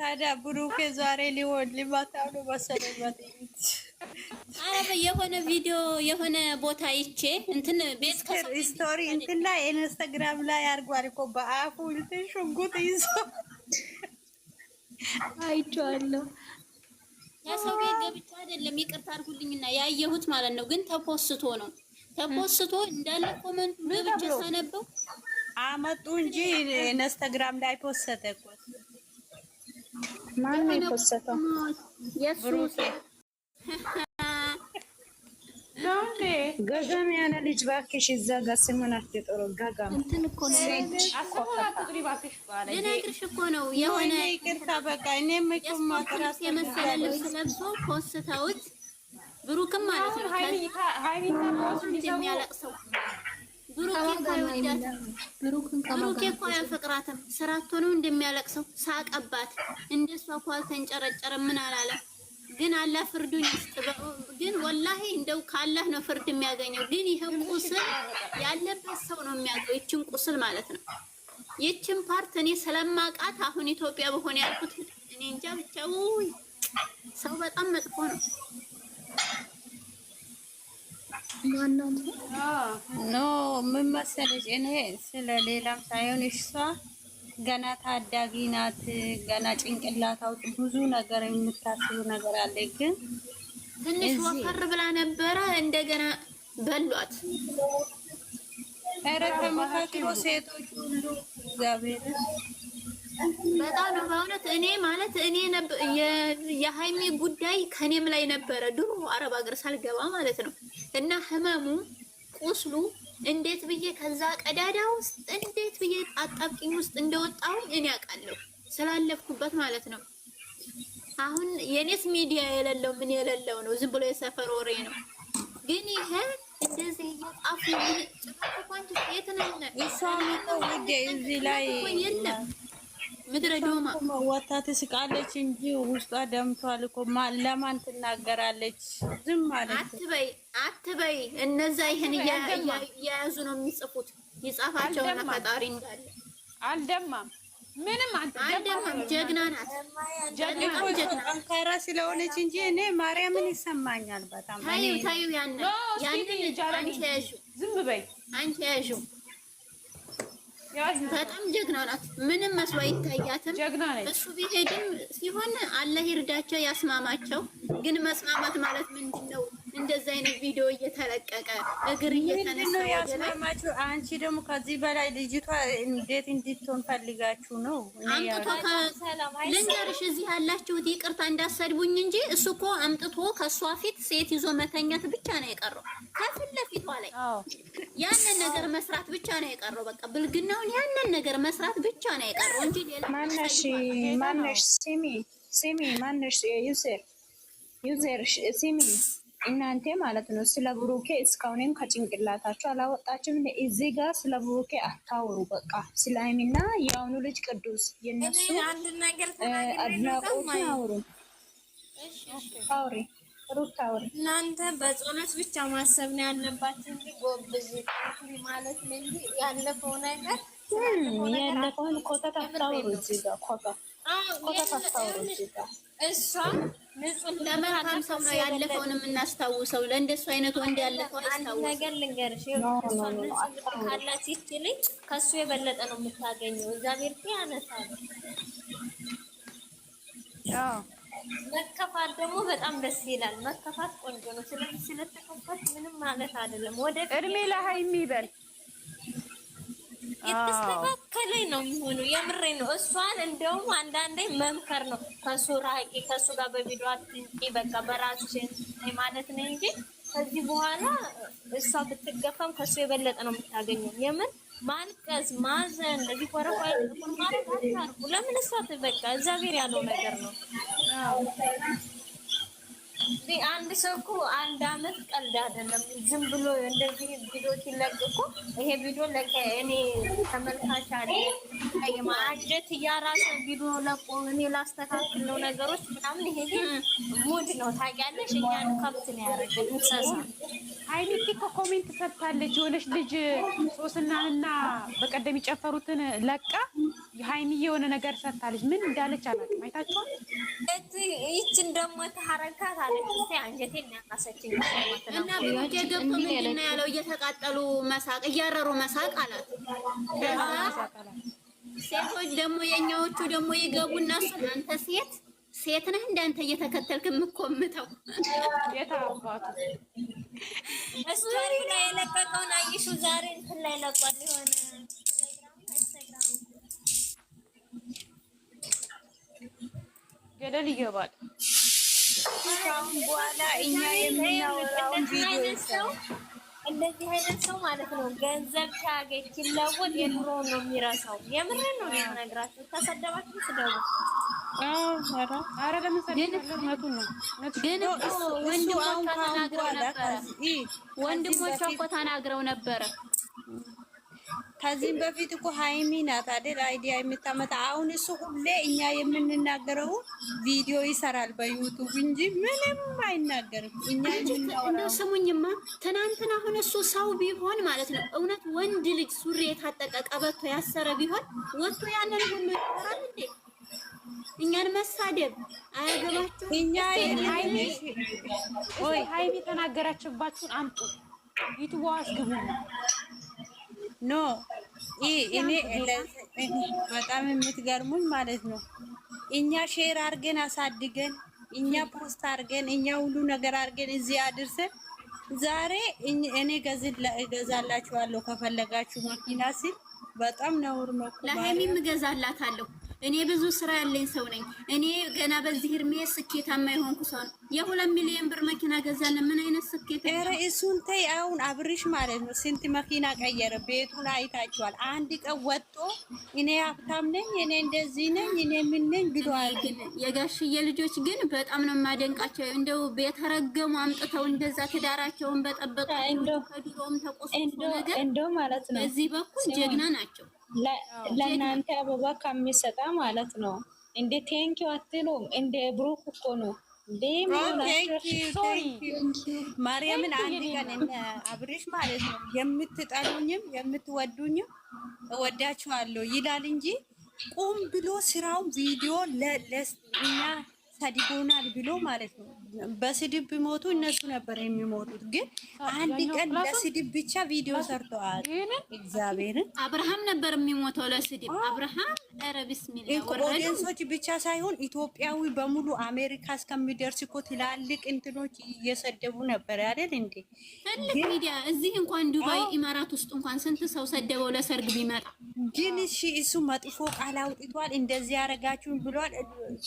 ታዲያ ብሩኬ ዛሬ ሊሆን ሊመጣው ነው መሰለኝ። መጥይት አረ የሆነ ቪዲዮ የሆነ ቦታ ይቼ እንትን ቤት ስቶሪ እንትን ላይ ኢንስታግራም ላይ አርጓል እኮ በአፉ እንትን ሽንጉጥ ይዞ አይቼዋለሁ። ያ ሰው ቤት ገብቼ አይደለም ይቅርታ አድርጉልኝና ያየሁት ማለት ነው። ግን ተፖስቶ ነው ተፖስቶ እንዳለ ኮመንቱ ገብቼ ሳነበው አመጡ እንጂ ኢንስታግራም ላይ ፖስተ እኮ ማን ነው የኮሰተው? ገገም ያለ ልጅ እባክሽ፣ እዛ ጋ ስሙን አትጥሩ። ገገም ልነግርሽ እኮ ነው የሆነ የመሰለ ልብስ ለብሶ ኮስተውት ብሩክም ማለት ነው የሚያለቅሰው ብሩኬ እኮ አያፈቅራትም። ስራ አቶ ነው እንደሚያለቅሰው ሳቀባት። እንደሷ እኮ አልተንጨረጨረም። ምን አላለ ግን አላህ ፍርዱን ይስጥ። ግን ወላሂ እንደው ካላህ ነው ፍርድ የሚያገኘው። ግን ይሄ ቁስል ያለበት ሰው ነው የሚያገው፣ ይችን ቁስል ማለት ነው። ይችን ፓርት እኔ ስለማውቃት አሁን ኢትዮጵያ በሆነ ያልኩት እኔ እንጃ ብቻ። ሰው በጣም መጥፎ ነው። ኖ ምን መሰለሽ፣ እኔ ስለ ሌላም ሳይሆን እሷ ገና ታዳጊ ናት። ገና ጭንቅላታው ብዙ ነገር የምታስቡ ነገር አለ። ግን ትንሽ ወፈር ብላ ነበረ እንደገና በሏት። ኧረ ተመካክሮ ሴቶች ሁሉ እግዚአብሔር በጣም ነው በእውነት። እኔ ማለት እኔ የሀይሜ ጉዳይ ከኔም ላይ ነበረ ድሮ አረብ ሀገር ሳልገባ ማለት ነው እና ህመሙ ቁስሉ እንዴት ብዬ ከዛ ቀዳዳ ውስጥ እንዴት ብዬ አጣብቂኝ ውስጥ እንደወጣሁኝ እኔ አውቃለሁ ስላለፍኩበት ማለት ነው። አሁን የኔስ ሚዲያ የሌለው ምን የሌለው ነው፣ ዝም ብሎ የሰፈር ወሬ ነው። ግን ይሄ እንደዚህ እየጣፉ ጭራሽ እንኳን የትናነ ይሳሚ ነው ውዴ እዚህ ላይ የለም ምድረ ዶማ ወታ ትስቃለች እንጂ ውስጧ ደምቷል እኮ። ለማን ትናገራለች? ዝም ማለት አትበይ አትበይ። እነዛ ይህን እየያዙ ነው የሚጽፉት። ይጻፋቸውና ፈጣሪ እንዳለ አልደማም። ምንም አልደማም። ጀግና ናት። ጠንካራ ስለሆነች እንጂ እኔ ማርያምን ይሰማኛል በጣም ታዩ ታዩ። ያንን ያንን አንቺ ያዥው፣ ዝም በይ አንቺ ያዥው በጣም ጀግና ናት። ምንም መስሎ አይታያትም። እሱ ቢሄድም ሲሆን አለ ይርዳቸው፣ ያስማማቸው። ግን መስማማት ማለት ምንድን ነው? እንደዚህ አይነት ቪዲዮ እየተለቀቀ እግር እየተነሳ ያስማማቸው። አንቺ ደግሞ ከዚህ በላይ ልጅቷ እንዴት እንድትሆን ፈልጋችሁ ነው? አምጥቶ ልንገርሽ፣ እዚህ ያላችሁት ይቅርታ እንዳሰድቡኝ እንጂ እሱ እኮ አምጥቶ ከእሷ ፊት ሴት ይዞ መተኛት ብቻ ነው የቀረው ከፊት ለፊቷ ላይ ያንን ነገር መስራት ብቻ ነው የቀረው። በቃ ብልግናውን ያንን ነገር መስራት ብቻ ነው የቀረው እንጂ ሌላ ማነሽ ማነሽ ሲሚ ሲሚ ማነሽ ዩዘር ዩዘር ሲሚ እናንተ ማለት ነው ስለ ብሩኬ እስካሁንም ከጭንቅላታችሁ አላወጣችሁም። እዚህ ጋር ስለ ብሩኬ አታውሩ። በቃ ስለ አይሚና የአሁኑ ልጅ ቅዱስ የነሱ አድናቆት አውሩ አውሪ እናንተ በጸሎት ብቻ ማሰብ ነው ያለባችሁ እንጂ ጎብዝ ማለት ነው እንጂ ያለፈው ነገር ያለፈውን ኮተት አታውሩ። እዚህ ጋር ኮተት ኮተት አታውሩ። እዚህ ጋር እሷ ለምን አትምሰው ነው ያለፈውን የምናስታውሰው? ለእንደሱ አይነት ወንድ ያለፈው አንድ ነገር ልንገርሽ፣ ካላት ልጅ ከሱ የበለጠ ነው የምታገኘው። እግዚአብሔር ያነሳል። መከፋት ደግሞ በጣም ደስ ይላል። መከፋት ቆንጆ ነው። ስለዚህ ስለተከፋት ምንም ማለት አይደለም። ወደ እድሜ ለሀይሚ ይበል የተስተካከለ ነው የሚሆኑ። የምሬ ነው። እሷን እንደውም አንዳንዴ መምከር ነው። ከሱ ራቂ፣ ከሱ ጋር በቪዲዮ አትንጪ፣ በቃ በራስሽን ማለት ነው እንጂ ከዚህ በኋላ እሷ ብትገፋም ከሱ የበለጠ ነው የምታገኘው የምን ማልቀስ፣ ማዘን እዚህ ኮረፋይ ለምን እሷ በቃ እግዚአብሔር ያለው ነገር ነው። አንድ ሰው እኮ አንድ አመት ቀልድ አይደለም። ዝም ብሎ እንደዚህ ቪዲዮ ሲለቅ እኮ ይሄ ቪዲዮ ለቀ እኔ ተመልካች አለ አጀት እያራሰ ቪዲዮ ለቆ እኔ ላስተካክል ነው ነገሮች ምናምን ይሄ ሙድ ነው ታውቂያለሽ። እኛን ከብት ነው ያደረገን እንስሳ። አይኒቲ ከኮሜንት ሰጥታለች የሆነች ልጅ ሶስናና በቀደም የጨፈሩትን ለቃ ሀይሚ የሆነ ነገር ሰጥታለች። ምን እንዳለች አላውቅም። አይታችኋል? ይችን ደግሞ ተሐረካት አለ እና ገብቶ ምንድን ነው ያለው? እየተቃጠሉ መሳቅ እያረሩ መሳቅ አላት። ሴቶች ደግሞ የእኛዎቹ ደግሞ ይገቡ እነሱ አንተ ሴት ሴት ነህ እንዳንተ እየተከተልክ የምትኮምተው ስቶሪ ላይ የለቀቀውን አየሹ ዛሬ እንትን ላይ ለቋል የሆነ ገደል ይገባል። ካሁን በኋላ እኛ የምናወራውን ቪዲዮ ይሰራል። እንደዚህ አይነት ሰው ማለት ነው ገንዘብ ታገኝ ሲለወጥ የኑሮ ነው የሚረሳው። የምር ነው ነግራችሁ ተሰደባችሁ ስደቡ። ወንድሞቿ እኮ ተናግረው ነበረ ከዚህም በፊት እኮ ሀይሚ ናት አይደል አይዲያ የምታመጣ። አሁን እሱ ሁሌ እኛ የምንናገረው ቪዲዮ ይሰራል በዩቱብ እንጂ ምንም አይናገርም። እኛ እንደው ስሙኝማ፣ ትናንትና አሁን እሱ ሰው ቢሆን ማለት ነው እውነት ወንድ ልጅ ሱሪ የታጠቀ ቀበቶ ያሰረ ቢሆን ወጥቶ ያንን ሁሉ ይሰራል እንዴ? እኛን መሳደብ አያገባችሁ። እኛ ሀይሚ ተናገራችባችሁን አምጡ ዩቱብ አስገቡና ኖ እኔ በጣም የምትገርሙኝ ማለት ነው። እኛ ሼር አርገን አሳድገን እኛ ፖስት አርገን እኛ ሁሉ ነገር አርገን እዚህ አድርሰን ዛሬ እኔ ገዛላችኋለሁ ከፈለጋችሁ መኪና ሲል በጣም ነውር ነው። ለሀይሚም ገዛላታለሁ እኔ ብዙ ስራ ያለኝ ሰው ነኝ። እኔ ገና በዚህ እድሜ ስኬታማ የሆንኩ ሰው ነው። የሁለት ሚሊዮን ብር መኪና ገዛለን። ምን አይነት ስኬት! ኧረ እሱን ተይ። አሁን አብርሽ ማለት ነው ስንት መኪና ቀየረ። ቤቱን አይታችኋል። አንድ ቀን ወጦ እኔ ሀብታም ነኝ፣ እኔ እንደዚህ ነኝ፣ እኔ ምን ነኝ ብለዋል። ግን የጋሽዬ ልጆች ግን በጣም ነው የማደንቃቸው። እንደው የተረገሙ አምጥተው እንደዛ ትዳራቸውን በጠበቁ ከድሮም ተቆስ ነገር እንደው ማለት ነው በዚህ በኩል ጀግና ናቸው። ለእናንተ አበባ ከሚሰጣ ማለት ነው። እንደ ቴንኪ አትሉም? እንደ ብሩክ እኮ ነው። ማርያምን አንድ ቀን አብሬሽ ማለት ነው የምትጠሉኝም የምትወዱኝም እወዳችኋለሁ ይላል እንጂ ቁም ብሎ ስራው ቪዲዮ ለእኛ ሰድቦናል ብሎ ማለት ነው በስድብ ቢሞቱ እነሱ ነበር የሚሞቱት። ግን አንድ ቀን ለስድብ ብቻ ቪዲዮ ሰርተዋል። እግዚአብሔርን አብርሃም ነበር የሚሞተው ለስድብ አብርሃም። ኧረ ቢስሚላ ኦዲየንሶች ብቻ ሳይሆን ኢትዮጵያዊ በሙሉ አሜሪካ እስከሚደርስ እኮ ትላልቅ እንትኖች እየሰደቡ ነበር አይደል እንዴ? ትልቅ ሚዲያ እዚህ እንኳን ዱባይ፣ ኢማራት ውስጥ እንኳን ስንት ሰው ሰደበው ለሰርግ ቢመጣ። ግን እሺ እሱ መጥፎ ቃል አውጥቷል፣ እንደዚህ ያደረጋችሁ ብሏል።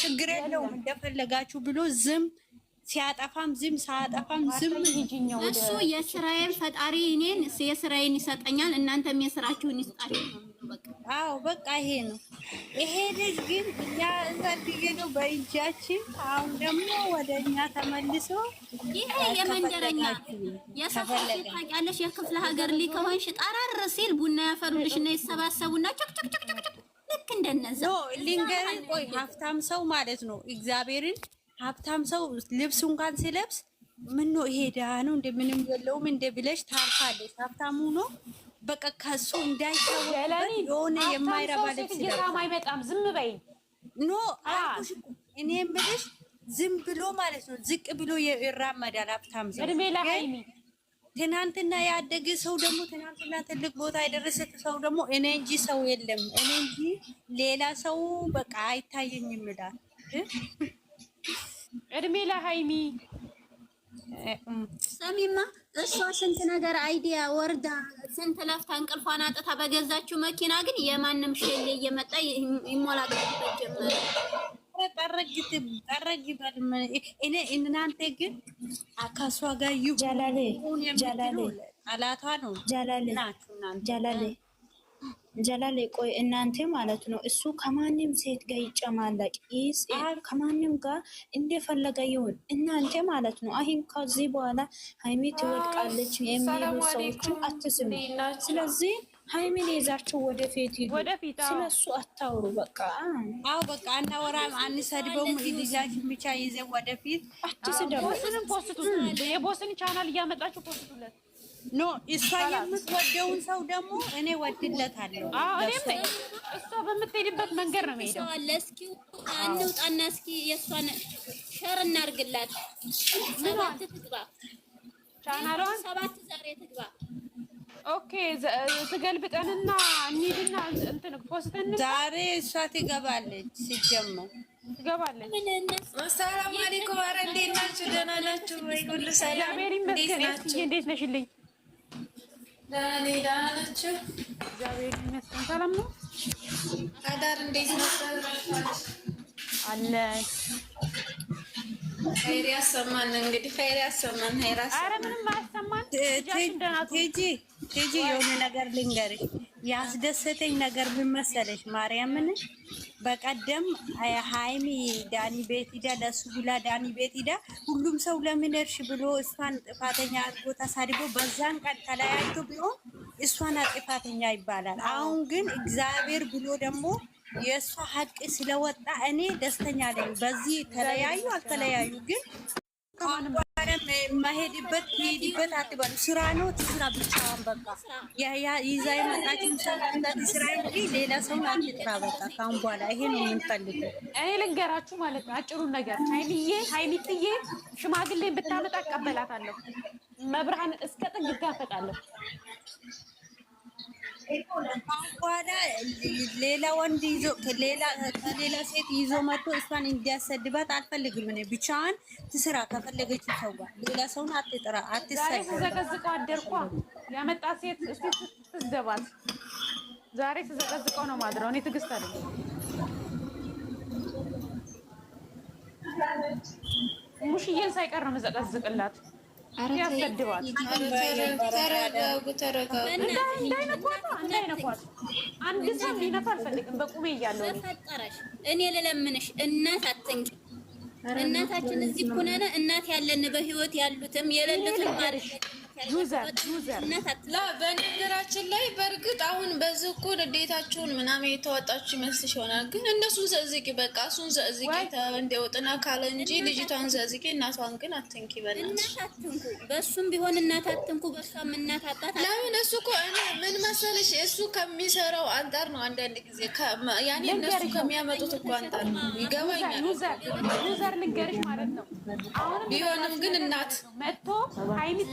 ችግር የለውም እንደፈለጋችሁ ብሎ ዝም ሲያጠፋም ዝም ሳያጠፋም ዝም። እሱ የስራዬን ፈጣሪ እኔን የስራዬን ይሰጠኛል፣ እናንተም የስራችሁን ይስጣችሁ። አዎ በቃ ይሄ ነው። ይሄ ልጅ ግን እኛ እዛ ነው በእጃችን። አሁን ደግሞ ወደ እኛ ተመልሶ ይሄ የመንደረኛ የሰፈር ታውቂያለሽ፣ የክፍለ ሀገር ልጅ ከሆንሽ ጠራር ሲል ቡና ያፈሩልሽና ይሰባሰቡና ጭቅጭቅጭቅጭቅ ልክ እንደነዛ ልንገር። ቆይ ሀብታም ሰው ማለት ነው እግዚአብሔርን ሀብታም ሰው ልብስ እንኳን ሲለብስ ምን ነው ይሄ ድሃ ነው እንደ ምንም የለውም እንደ ብለሽ ታርፋለች። ሀብታሙ ነው በቃ ከሱ እንዳይታወቅበት የሆነ የማይረባ ልብስ አይመጣም። ዝም በይ ኖ አልኩሽ። እኔ የምልሽ ዝም ብሎ ማለት ነው ዝቅ ብሎ ይራመዳል ሀብታም ሰው። እድሜ ትናንትና ያደገ ሰው ደግሞ ትናንትና ትልቅ ቦታ የደረሰ ሰው ደግሞ እኔ እንጂ ሰው የለም እኔ እንጂ ሌላ ሰው በቃ አይታየኝም ይላል። እድሜ ለሀይሚ ሰሚማ እሷ ስንት ነገር አይዲያ ወርዳ ስንት ለፍታ እንቅልፏን አጥታ በገዛችው መኪና ግን የማንም ሸሌ እየመጣ ይሞላቀበት ጠረግ ይበል። እናንተ ግን ከእሷ ጋር ይሁን ጀላሌ አላቷ ነው ናችሁ እናንተ ጀላሌ ጀላሌ ቆይ እናንተ ማለት ነው። እሱ ከማንም ሴት ጋር ይጨማለቅ ይስ ከማንም ጋር እንደፈለገ ይሁን። እናንተ ማለት ነው። አሁን ከዚህ በኋላ ሀይሚ ትወድቃለች የሚሉ ሰዎች አትስሙ። ስለዚህ ሀይሚን ይዛችሁ ወደፊት ሂዱ። ስለሱ አታውሩ። በቃ አዎ፣ በቃ አናወራም፣ አንሰድበውም። ልጃችን ብቻ ይዘን ወደፊት አትስደቡ። ቦስን ቻናል እያመጣችሁ ፖስቱለት ኖ እሷ የምትወደውን ሰው ደግሞ እኔ ወድለታለሁ። እኔም እሷ በምትሄድበት መንገድ ነው የምሄደው። እስኪ አንውጣና እስኪ የእሷን ሸር እናድርግላት። ሰባት ትግባ፣ ቻናሏን ሰባት ዛሬ ትግባ። ኦኬ ትገልብጠንና እንሂድና እንትን ፖስተን ዛሬ እሷ ትገባለች። ሲጀመር ትገባለች። ሰላም አለይኩም። ኧረ እንዴት ናችሁ? ደህና ናችሁ ወይ? ሁሉ ሰላም። እንዴት ነሽልኝ? ደህና ነኝ። ደህና ሰላም ነው። አዳር እንዴት ነበር? አለች ኸይር ያሰማን። እንግዲህ ኸይር ያሰማን። ኸይር ያሰማን። ምንም አያሰማን። ቲጂ የሆነ ነገር ልንገርሽ፣ ያስደሰተኝ ነገር ምን መሰለሽ? ማርያምን በቀደም ሀይሚ ዳኒ ቤት ሂዳ ለሱ ብላ ዳኒ ቤት ሂዳ ሁሉም ሰው ለምን እርሽ ብሎ እሷን ጥፋተኛ አድርጎ ተሳድቦ በዛን ቀን ተለያይቶ ቢሆን እሷን ጥፋተኛ ይባላል። አሁን ግን እግዚአብሔር ብሎ ደግሞ የእሷ ሀቅ ስለወጣ እኔ ደስተኛ ነኝ። በዚህ ተለያዩ አልተለያዩ ግን መሄድበት ሄድበት አትበሉ። ስራ ነው ትስራ ብቻዋን በቃ ይዛ የመጣችው ስራ እንጂ ሌላ ሰው አትጥራ። በቃ ካሁን በኋላ ይሄ ነው የምንፈልገው። ይሄ ልንገራችሁ ማለት ነው አጭሩን ነገር። ሀይሚዬ ሀይሚትዬ ሽማግሌን ብታመጣ እቀበላታለሁ። መብርሃን እስከ ጥግ እጋፈጣለሁ። በኋላ ሌላ ወንድ ይዞ ከሌላ ሴት ይዞ መጥቶ እሷን እንዲያሰድባት አልፈልግም። እኔ ብቻዋን ትስራ ከፈለገችው ሰው ሌላ ሰውን አትጥራ፣ አትሰራ። ስዘቀዝቀው አደርኳ ያመጣ ሴት እስቲ ትስደባት። ዛሬ ስዘቀዝቀው ነው ማድረው። እኔ ትዕግስት አለ ሙሽዬን ሳይቀር ነው መዘቀዝቅላት እኔ ልለምንሽ እናት አትንኪ። እናታችን እዚህ ኩነነ እናት ያለን በህይወት ያሉትም የሌሉትም አርሽ ዩዘር በነገራችን ላይ በእርግጥ አሁን በዚህ እኮ ንዴታችሁን ምናምን የተዋጣችሁ ይመስልሽ ይሆናል፣ ግን እነሱን ዘዝቂ፣ በቃ እሱን ዘዝቂ እንደወጥና ካለ እንጂ ልጅቷን ዘዝቂ፣ እናቷን ግን አትንኪ። በእናትሽ በእሱም ቢሆን እናት አትንኩ፣ በእሷም እናት አጣት። ለምን እሱ እኮ እኔ ምን መሰለሽ እሱ ከሚሰራው አንጻር ነው። አንዳንድ ጊዜ ያኔ እነሱ ከሚያመጡት እኮ አንጻር ነው። ይገባኛል። ዩዘር ልንገርሽ ማለት ነው። ቢሆንም ግን እናት መጥቶ አይነት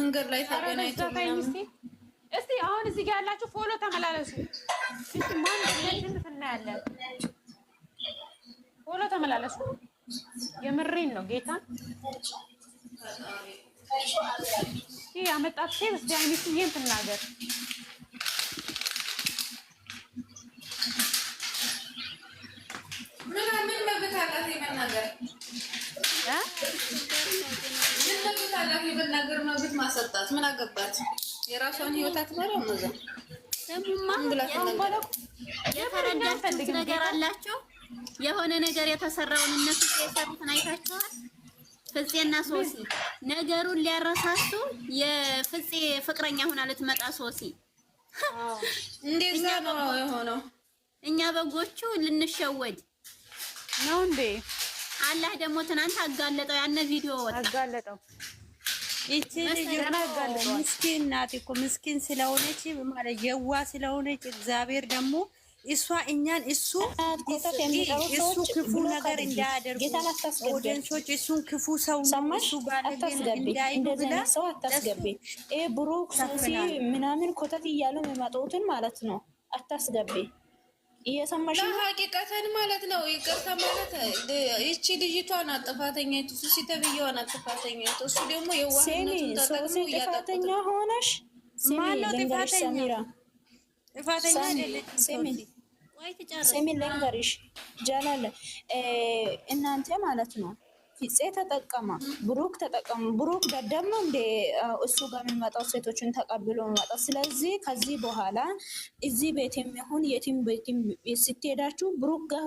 መንገድ ላይ ተገናኝተው እስቲ አሁን እዚህ ጋር ያላችሁ ፎሎ ተመላለሱ። እስቲ ማን እንደዚህ ፎሎ ተመላለሱ። የምሬን ነው ጌታን ይሄ ያመጣት ሴት እስቲ አይነት ይህን ትናገር። ምን ምን መብት አላት የመናገር እ የመናገር መብት ማሰጣት ምን የራሷን እዛ ነገር አላቸው። የሆነ ነገር የተሰራውን እነሱ የሰሩትን አይታችኋል። ፍፄና ሶሲ ነገሩን ሊያረሳሱ የፍፄ ፍቅረኛ ሆና ልትመጣ ሶሲ እንደዛ ነው የሆነው። እኛ በጎቹ ልንሸወድ ነው እንዴ? አላህ ደግሞ ትናንት አጋለጠው፣ ያነ ቪዲዮ ወጣ አጋለጠው። ይቺ ልጅ ምስኪን ናት እኮ ምስኪን ስለሆነች ማለት የዋ ስለሆነች እግዚአብሔር ደግሞ እሷ እኛን እሱ እሱ ክፉ ነገር እንዳያደርጉ ኦዲየንሶች እሱን ክፉ ሰው ሰማሽ፣ ሰው አታስገቢ። ብሩክ ምናምን ኮተት እያሉ የሚመጡትን ማለት ነው አታስገቢ። እየሰማሽ ሀቂቀተን ማለት ነው። ይቅርታ ማለት ይቺ ልጅቷ ናት ጥፋተኛ፣ ሱ ሲተብየዋ ናት ጥፋተኛ። እሱ ደግሞ የዋህነቱን ጥፋተኛ ሆነሽ ማነው ጥፋተኛ? ጥፋተኛ ሴሚ ልንገርሽ ጀላለ እናንተ ማለት ነው ፍፄ ተጠቀመ፣ ብሩክ ተጠቀመ። ብሩክ ደደብ እንደ እሱ ጋር የሚመጣው ሴቶችን ተቀብሎ የሚመጣው። ስለዚህ ከዚህ በኋላ እዚህ ቤት የሚሆን የቲም ቤት ስትሄዳችሁ ብሩክ ጋር